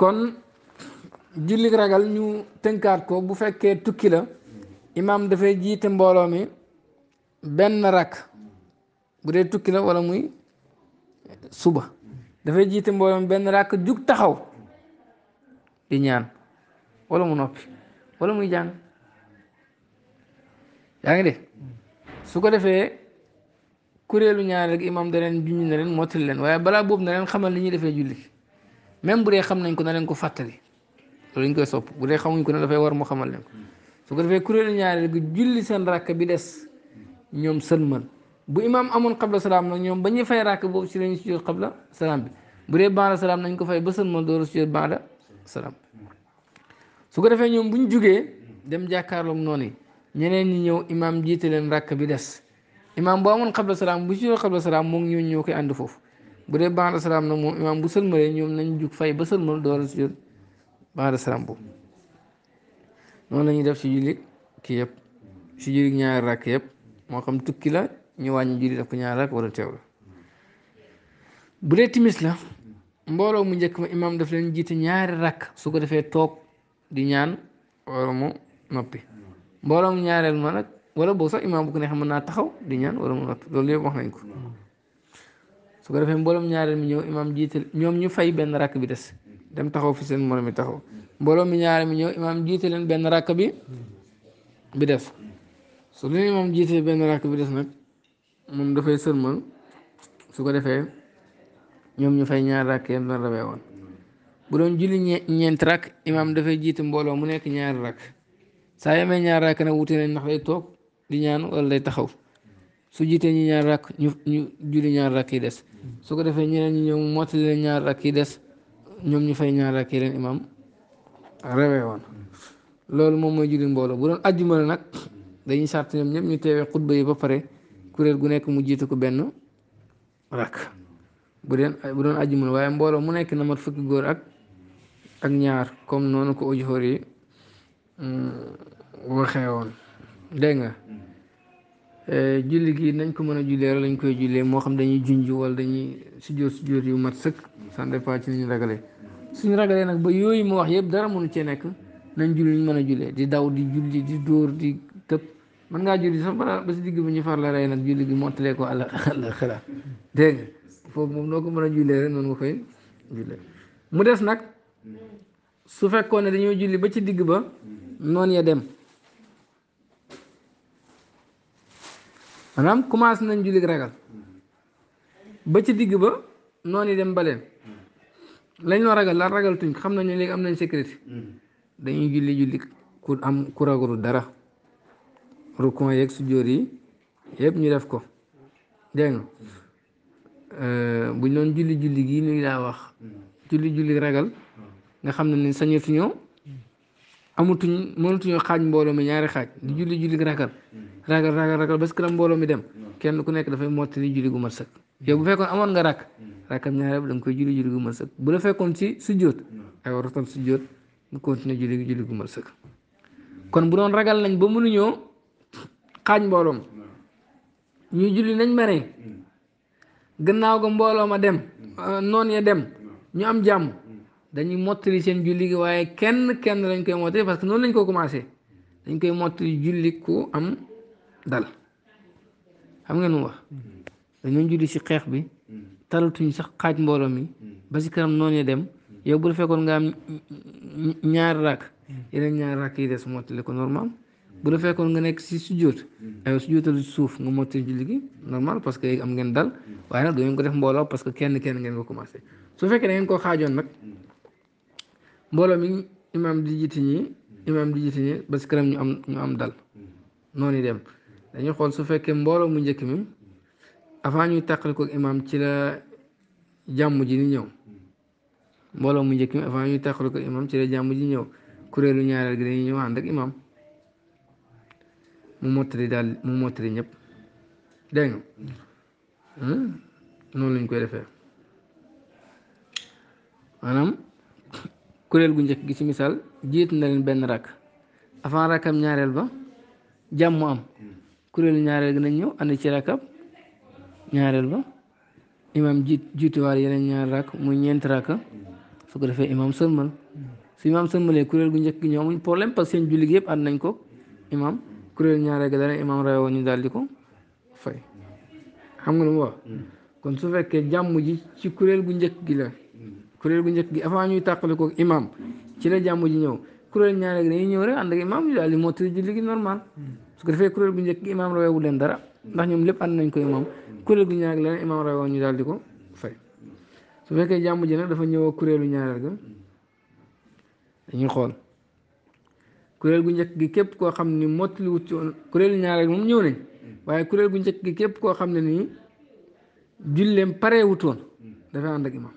kon jullik ragal ñu tënkaat ko bu fekkee tukki la imaam dafay jiite mbooloo mi benn rakk bu dee tukki la wala muy suba dafay jiite mbooloo mi benn rakk jug taxaw di ñaan walla mu noppi wala muy jàng yaa ngi de su ko defee kuréelu ñaar rek imaam da leen junj na leen mottali leen waaye balaa boobu na leen xamal li ñuy defee julli même bu dee xam nañ ko na leen ko fàttali. loolu ñu koy sopp bu dee xamuñ ko ne dafay war mu xamal leen su ko defee kuréelu ñaareel gi seen rakk bi des ñoom sëlmal bu imaam amoon xabla salaam nag ñoom ba ñu fay rakk boobu si lañu si jot xabla salaam bi salaam nañ ko fay ba sëlmal dooru si jot baada salaam su ko defee ñoom bu ñu jugee dem jàkkaarloog noonu yi ñeneen ñi ñëw imaam jiite leen rakk bi des imaam bu amoon xabla salaam bu si jot xabla salaam moom ñoo ñoo koy ànd foofu bu dee baada salaam nag moom imaam bu sëlmalee ñoom nañ jug fay ba sëlmal dooru si jot baada salaam boobu noonu la ñuy def ci julli ki yëpp ci julli ñaari rakk yëpp moo xam tukki la ñu wàññi julli def ko ñaari rakk wala teew la bu dee timis la mbooloo mu njëkk ma imaam daf leen jiite ñaari rakk su ko defee toog di ñaan wala mu noppi mbooloo mu ñaareel ma nag wala boo sax imaam bu ne neex mën naa taxaw di ñaan wala mu noppi loolu yëpp wax nañ ko su ko defee mbooloo mu ñaareel mi ñëw imaam jiite ñoom ñu fay benn rakk bi des. dem taxaw fi seen moroom mi taxaw mbooloo mi ñaari mi ñëw imaam jiite leen benn rakk bi bi des su leen imaam jiite benn rakk bi des nag moom dafay sërmal su ko defee ñoom ñu fay ñaari rakk yam doon woon bu doon julli ñeenti rakk imaam dafay jiite mbooloo mu nekk ñaari rakk saa yemee ñaari rakk nag wute nañ ndax day toog di ñaan wala day taxaw su jiitee ñi ñaari rakk ñu ñu julli ñaari leen ñaari rakk yi des ñoom ñu fay ñaar kii leen imam rawee woon loolu moom mooy julli mbooloo bu doon ajjuma nag dañuy sart ñoom ñëpp ñu teewee xutba yi ba pare kuréel gu nekk mu jiite ko benn rakk bu deen bu doon ajjuma la waaye mbooloo mu nekk na mat fukki góor ak ak ñaar comme noonu ko ujoor yi mm, waxee woon dégg Euh, julli gi nañ ko mën a jullee rek lañ koy jullee moo xam dañuy junj wala dañuy sujjóot sujjóot yu mat sëkk sans dépend ci nañu ragalee suñu ragalee nag ba yooyu ma wax yëpp dara mënu cee nekk nañ julli ñu mën a jullee di daw di julli di dóor di tëb mën ngaa julli sax balaa ba si digg bi ñu far la rey nag julli gi mottalee ko àll àll xalaat dégg foofu moom noo ko mën a jullee rek noonu nga koy jullee mu des nag su fekkoon ne dañoo julli ba ci digg ba noonu ya dem. maanaam commencé nañ jullit ragal ba ci digg ba noonu dem baleen lañ loo ragal la ragal tuñ xam nañu léegi am nañ sécurité dañuy julli julli ku am ku ragalu dara rukon yeeg sujjóor yi yëpp ñu def ko dégg nga euh, buñ doon julli julli gii nuy laa wax julli julli ragal nga xam ne ni sañatuñoo amatuñ mënatuñoo xaaj mbooloo mi ñaari xaaj di julli julli ragal ragal ragal ragal bés la mbooloo dem kenn ku nekk dafay mottali julli gu mat sëkk yow bu fekkoon amoon nga rakk mm. da nga koy julli julli gu mat sëkk bu la fekkoon ci sujjóot ay warutoon sujjóot mu continuer julli kon bu doon ragal nañ ba mënuñoo xaaj mbooloom ñuy julli nañ mare mm. gannaaw ga mbooloo ma dem mm. euh, noon ya dem ñu am jàmm dañu mottali seen julli waaye kenn kenn lañ koy mottali parce que noonu lañ ko commencé dañ koy mottali julli ku am dal xam ngeen mu wax dañoo julli si xeex bi talatuñ sax xaaj mbooloo mi ba si kanam noonu dem yow bu la fekkoon nga am ñaari raak yeneen ñaari raak yi des mottali ko normal bu la fekkoon nga nekk si sujjóot aywa sujjóotal suuf nga mottali julli gi normal parce que am ngeen dal waaye nag doo ko def mbooloo parce que kenn kenn ngeen ko commencé su fekkee da ngeen koo xaajoon nag mbooloo mi imaam di jiite ñi imaam di jiite ñi ba ñu am ñu am dal noonu dem. dañuy xool su fekkee mbooloo mu njëkk mi avant ñuy tàqali ko imam ci la jàmm ji ni ñëw mbooloo mu njëkk mi avant ñuy tàqali ko imaam ci la jàmm ji ñëw kuréelu ñaareel gi dañuy ñëw ànd ak imaam mu mottali daal mu mottali ñëpp dégg nga hmm? noonu lañ koy defee maanaam kuréel gu njëkk gi ci misaal jiit na leen benn rakk avant rakkam ñaareel ba jàmm am kuréelu ñaareel gi nañ ñëw ànd ci rakab ñaareel ba imaam jiit jiituwaale yeneen ñaar rakk muy ñeent rakk su ko defee imaam sëlmal su imaam sëlmalee kuréel gu njëkk gi ñoom amuñ problème parce gi yëpp ànd nañ ko imaam kuréel ñaareel gi dana ñu daal di ko fay xam nga lu mu wax kon su fekkee jàmm ji ci kuréel gu njëkk gi la kuréel gu njëkk gi avant ñuy tàqale ko imaam ci la jàmm ji ñëw kuréel ñaareel gi dañuy ñëw rek ànd ak imaam ñu daal di normal su ko defee kuréel gu njëkk gi imaam rawewu leen dara ndax ñoom lépp ànd nañ koy moom kuréel gu ñaar leneen imaam rawewu ñu daal ko fay su fekkee jàmm ji nag dafa ñëw kuréelu ñaareel ga dañuy xool kuréel gu njëkk gi képp koo xam ni mottali wut ci woon kuréelu ñaareel moom ñëw nañ waaye kuréel gu njëkk gi képp koo xam ne nii julleem paree wutoon dafay ànd ak imaam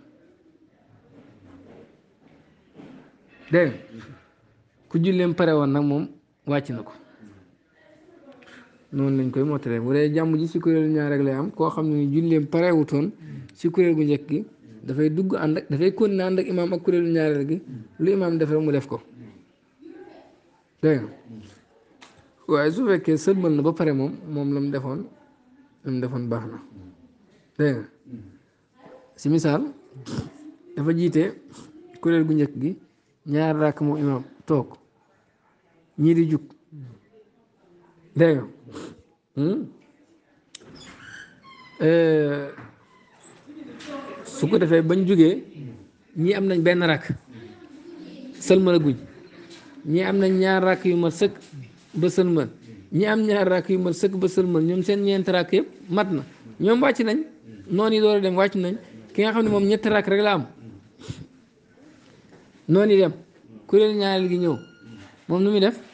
ku julleem pare woon nag moom wàcc na ko noonu lañ koy mottalee bu dee jàmm ji si kuréel ñaar rek lay am koo xam ne julleem parewutoon si kuréel gu njëkk gi dafay dugg ànd dafay kon ànd ak imaam kuréelu ñaareel gi lu imaam def rek mu def ko dégg waaye su fekkee sëlmal na ba pare moom moom la mu defoon la mu defoon baax na dégg si misaal dafa jiite kuréel gu njëkk gi ñaar rakk moom imaam toog ñii di jug dégg hmm? eh, su ko defee bañ jógee ñii am nañ benn rakk sëlmal guñ ñii am nañ ñaar rakk yu mat sëkk ba sëlmal ñi am ñaar rakk yu mat sëkk ba sëlmal ñoom seen ñeenti ràkk yëpp mat na ñoom wàcc nañ noonu yi door a dem wàcc nañ ki nga xam ne moom ñetti ràkk rek la am noonu yi dem kuréel ñaareel gi ñëw moom nu muy def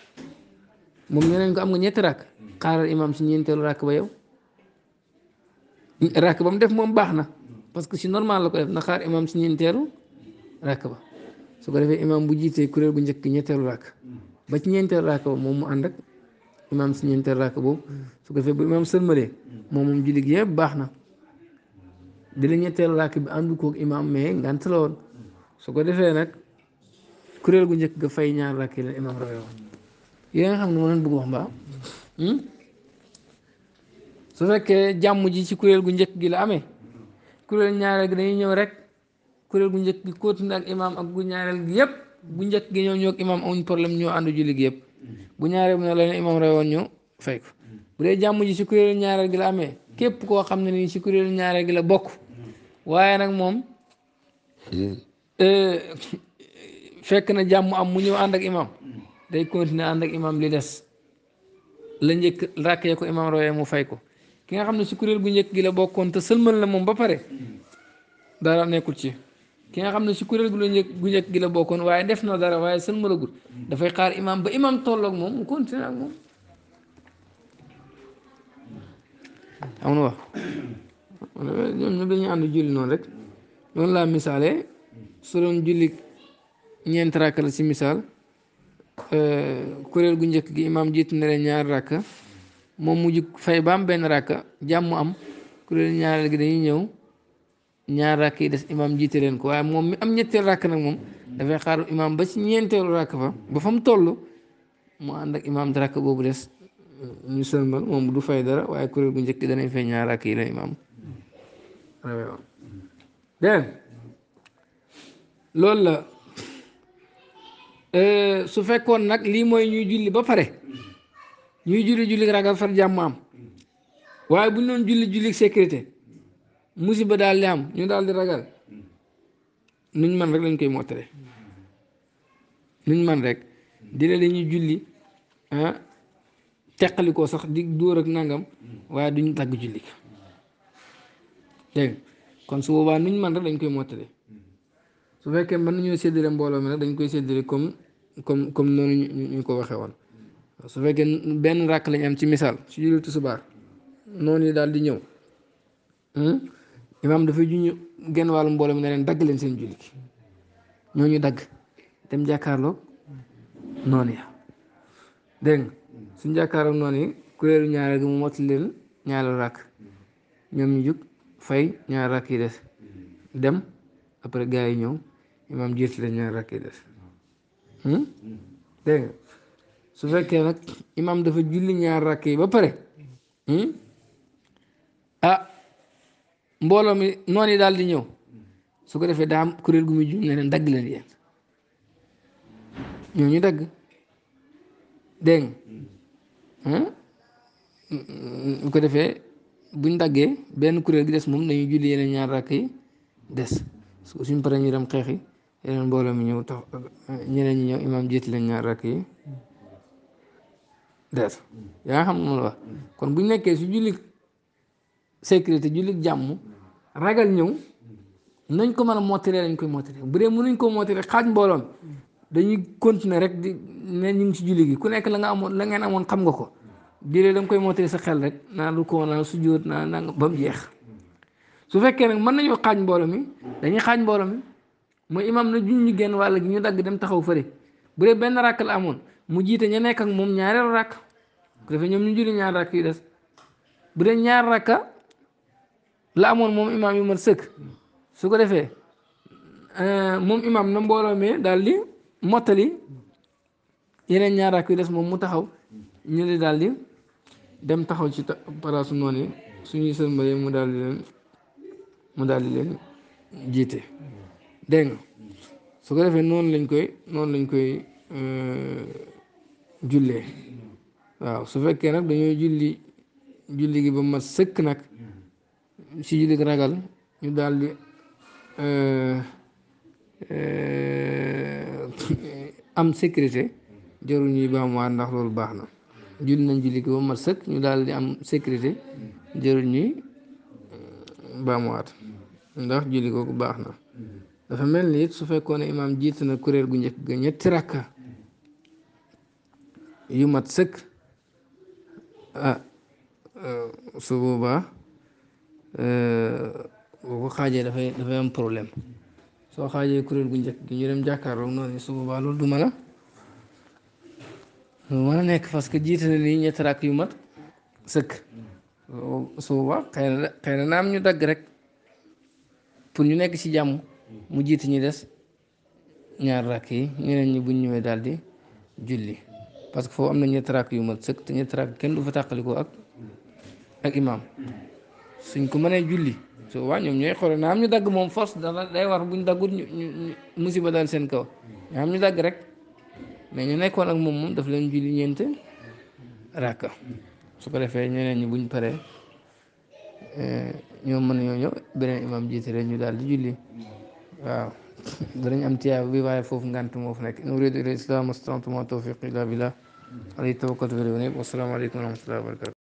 moom nee nañ ko am nga ñetti rakk xaaral imam si ñeenteelu rakk ba yow ba mu def moom baax na parce que si normal la ko def na si ñeenteelu rakk ba su ko defee imam bu jiitee kuréel gu njëkk ñetteelu rakk ba ci ñeenteelu rakk ba moom mu ànd ak imam si ñeenteelu rakk boobu su ko defee bu imam sëlmalee moom moom jullit yëpp baax na di la ñetteelu rakk bi àndu koog imam mais ngant la woon su ko defee nag kuréel gu njëkk ga fay ñaar rakk yi imam rawee woon yooyu nga xam ne ma leen bëgg wax mbaa hmm? su fekkee jàmm ji ci kuréel gu njëkk gi la amee kuréel ñaareel gi dañuy ñëw rek kuréel gu njëkk gi continué ak ak gu ñaareel gi yëpp bu gi ñëw ñoo ak imaam amuñ problème ànd julli gi bu ñaareel bi nag la leen imaam rewoon jàmm ji ci kuréel ñaareel gi la amee képp koo xam ne nii ci kuréel ñaareel gi la bokk waaye nag moom hmm. euh, fekk na jàmm am mu ñëw ànd ak day continuer ànd ak imam li des la njëkk ràkkee ko imam royee mu fay ko ki nga xam ne si kuréel gu njëkk gi la bokkoon te sëlmal la moom ba pare dara nekkul ci ki nga xam ne si kuréel gu la njëkk gu njëkk gi la bokkoon waaye def na dara waaye sëlmalagul dafay xaar imam ba imam tolloog moom mu continuer ak moom am na wax ñoom ñoom dañuy ànd julli noonu rek loolu laa misaalee su doon julli ñeent rakk la si misaal Euh, kuréel gu njëkk gi imaam jiit na leen ñaari rakk moom mujj fay ba am benn rakk jàmm am kuréel ñaareel gi dañuy ñëw ñaar rakk yi des imaam jiite leen ko waaye moom mu am ñetteel rakk nag moom dafay xaar imaam ba ci ñeenteelu rakk fa ba fa mu toll mu ànd ak imaam di rakk boobu des euh, ñu sëlmal moom du fay dara waaye kuréel gu njëkk gi danañ fay ñaar rakk yi la imaam loolu la. Euh, su fekkoon nag lii mooy ñuy julli ba pare ñuy julli julli ragal far jàmm am waaye bu ñu doon julli julli sécurité musiba daal di am ñu daal di ragal nuñ man rek lañ koy mottale nuñ man rek dina dañuy julli ah teqali ko sax di dóor ak nangam waaye duñ tagg julli dégg kon su boobaa nuñ man rek lañ koy mottale su fekkee mën nañoo séddale mbooloo mi nag dañ koy séddale comme comme comme noonu ñu ko waxee woon su fekkee benn ràkk lañ am ci misaal su julli tisbaar noonu yi daal di ñëw hmm? imaam dafay juñu genn wàllu mbooloo mi ne leen seen julli ñoo ñu dagg dem jàkkaarloo noonu ya dégg nga suñ jàkkaarloo noonu yi kuréelu ñaareel gi mu mottali leen ñaareel ràkk ñoom ñu jug fay ñaar ràkk yi des dem après gars yi ñëw imam jiit la ñaar rakk yi des su fekkee nag imam dafa julli ñaar rakk yi ba pare hmm? ah mbooloo mi noonu yi daal di ñëw su ko defee daa am kuréel gu muy jum ne leen dagg leen ñoo ñu dagg dégg nga hmm? bu ko defee buñ daggee benn kuréel gi des moom nañu julli yeneen ñaar rakk yi des su suñ paree ñu dem xeex yi yeneen mbooloo mi ñëw tax ñeneen ñi ñëw imaam jiite leen ñaar rakk yi deet yaa xam ne la wax kon bu nekkee su jullit sécurité jullit jàmm ragal ñëw nañ ko man a mottalee lañ koy mottalee bu dee mënuñ ko mottalee xaaj mbooloon dañuy continuer rek di ne ñu ngi ci julli gi ku nekk la nga amoon la ngeen amoon xam nga ko diiree da nga koy mottalee sa xel rek naa lu ko naa sujjóot naa ba mu jeex su fekkee nag mën nañoo xaaj mbooloo mi dañuy xaaj mbooloo mi. mooy imam na juñ ñu génn wàll gi ñu dagg dem taxaw fëre bu dee benn ràkk la amoon mu jiite ña nekk ak moom ñaareelu ràkk ko defee ñoom ñu julli des bu dee ñaar rakk la amoon moom imam yu mat sëkk su ko defee euh, moom imam na mbooloo mee daal di mottali yeneen ñaar rakk yi des moom mu taxaw ñu di daal di dem taxaw ci palaasu noonu suñuy sëlmalee mu daal di leen mu daal di leen jiite dégg nga su ko defee noonu lañ koy noonu lañ koy euh, jullee waaw su fekkee nag dañoo julli julli gi ba ma sëkk nag si julli ragal ñu daal di euh, euh, am sécurité jarul ñuy baamuwaat ndax loolu baax na julli nañ julli gi ba ma sëkk ñu daldi di am sécurité jarul ñuy baamuwaat ndax julli kooku baax na. dafa mel ni su fekkoon ne imaam jiite na kuréel gu njëkk ñetti rakka yu mat sëkk ah, ah su boobaa eh, boo ko dafay dafay am problème soo xaajee kuréel gu njëkk gi ñu dem jàkkaarloog noonu su loolu du mën a mën a nekk parce que jiite na lii ñetti rakk yu mat sëkk su boobaa xëy na xëy na naam ñu dagg rek pour ñu nekk ci jàmm. mu jiit ñu des ñaar rakk yi ñeneen ñi buñ ñëwee daal di julli parce que foo am na ñetti rakk yu ma sëkk te ñetti rakk kenn du fa tàqalikoo ak ak imaam suñ ko mënee julli su waa ñoom ñooy xool na am ñu dagg moom force dala day war buñ daggut ñu ñu musiba daal seen am ñu dagg rek mais ñu nekkoon ak moom moom daf leen julli ñeent rakk su ko defee ñeneen ñi buñ pare eh, ñoom mën ñoo ñëw beneen imaam jiite rek ñu daal di julli waaw danañ am tiyaab bi waaye foofu ngant moo fa nekk in uridu illa islam astantu ma tawfiq illa billah alayhi tawakkaltu wa ilayhi unib wassalaamu aleykum wa rahmatullahi wa barakatu